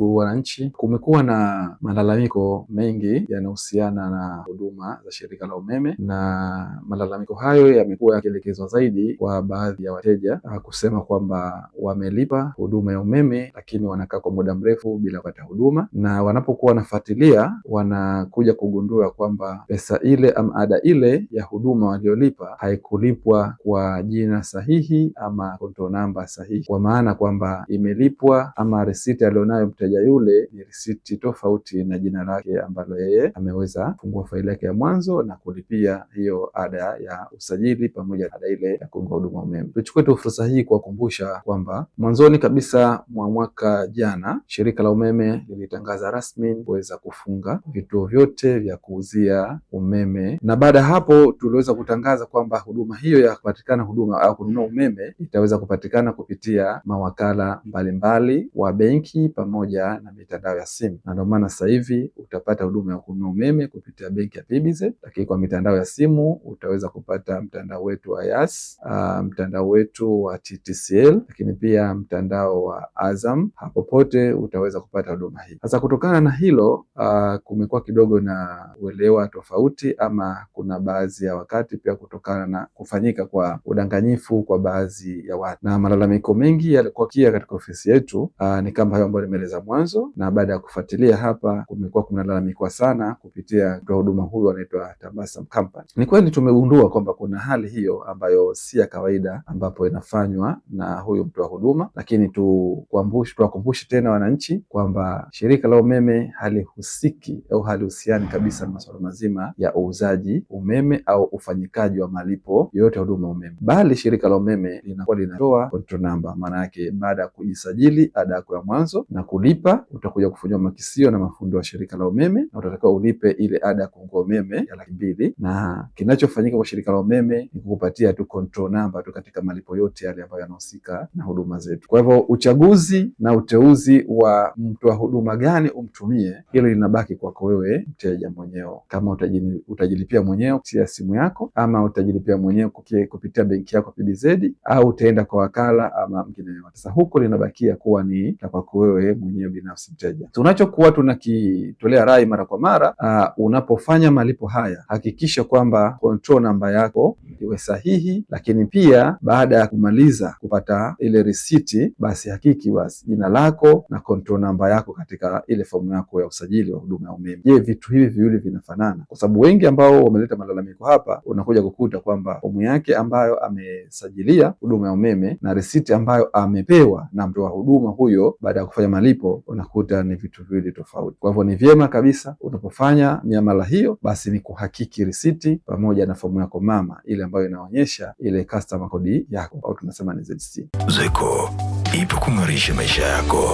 Wananchi, kumekuwa na malalamiko mengi yanahusiana na huduma za shirika la umeme, na malalamiko hayo yamekuwa yakielekezwa zaidi kwa baadhi ya wateja ah, kusema kwamba wamelipa huduma ya umeme, lakini wanakaa kwa muda mrefu bila kupata huduma, na wanapokuwa wanafuatilia wanakuja kugundua kwamba pesa ile ama ada ile ya huduma waliolipa haikulipwa kwa jina sahihi ama kontonamba namba sahihi, kwa maana kwamba imelipwa ama resiti aliyonayo mteja yule ni risiti tofauti na jina lake ambalo yeye ameweza kufungua faili yake ya mwanzo na kulipia hiyo ada ya usajili pamoja na ada ile ya kuunga huduma umeme. Tuchukue tu fursa hii kuwakumbusha kwamba mwanzoni kabisa mwa mwaka jana shirika la umeme lilitangaza rasmi kuweza kufunga vituo vyote vya kuuzia umeme, na baada ya hapo tuliweza kutangaza kwamba huduma hiyo ya kupatikana huduma au kununua umeme itaweza kupatikana kupitia mawakala mbalimbali mbali wa benki pamoja pamoja na mitandao ya simu, na ndio maana sasa hivi utapata huduma ya kununua umeme kupitia benki ya PBZ, lakini kwa mitandao ya simu utaweza kupata mtandao wetu wa Yas, uh, ah, mtandao wetu wa TTCL, lakini pia mtandao wa Azam. Hapo pote utaweza kupata huduma hii. Sasa kutokana na hilo, uh, kumekuwa kidogo na uelewa tofauti, ama kuna baadhi ya wakati pia kutokana na kufanyika kwa udanganyifu kwa baadhi ya watu, na malalamiko mengi yalikuwa katika ofisi yetu, uh, ni kama hayo ambayo nimeeleza mwanzo, na baada ya kufuatilia hapa kumekuwa kunalalamikiwa sana kupitia kwa huduma huyu anaitwa Tabasam Company. Ni kweli tumegundua kwamba kuna hali hiyo ambayo si ya kawaida ambapo inafanywa na huyu mtoa huduma, lakini tuwakumbushe tena wananchi kwamba shirika la umeme halihusiki au halihusiani kabisa na masuala mazima ya uuzaji umeme au ufanyikaji wa malipo yoyote ya huduma umeme, bali shirika la umeme linakuwa linatoa control number, maana yake baada ya kujisajili ada yako ya mwanzo na kulipa utalipa, utakuja kufanyiwa makisio na mafundi wa shirika la umeme na utatakiwa ulipe ile ada ya kuungua umeme ya laki mbili, na kinachofanyika kwa shirika la umeme ni kukupatia tu control number tu katika malipo yote yale ambayo yanahusika na huduma zetu. Kwa hivyo uchaguzi na uteuzi wa mtoa huduma gani umtumie, hilo linabaki kwako wewe mteja mwenyewe, kama utajili, utajilipia mwenyewe kupitia simu yako ama utajilipia mwenyewe kupitia benki yako PBZ au utaenda kwa wakala ama mgine yote. Sasa huko linabakia kuwa ni kwako wewe mwenyewe mwenyewe binafsi mteja. Tunachokuwa tunakitolea rai mara kwa mara, uh, unapofanya malipo haya hakikisha kwamba control namba yako iwe sahihi, lakini pia baada ya kumaliza kupata ile risiti, basi hakiki basi jina lako na control namba yako katika ile fomu yako ya usajili wa huduma ya umeme. Je, vitu hivi viwili vinafanana? Kwa sababu wengi ambao wameleta malalamiko hapa, unakuja kukuta kwamba fomu yake ambayo amesajilia huduma ya umeme na risiti ambayo amepewa na mtoa huduma huyo baada ya kufanya malipo ndipo unakuta ni vitu viwili tofauti. Kwa hivyo ni vyema kabisa unapofanya miamala hiyo, basi ni kuhakiki risiti pamoja na fomu yako mama, ile ambayo inaonyesha ile customer code yako au tunasema ni ZC. ZECO ipo kung'arisha maisha yako.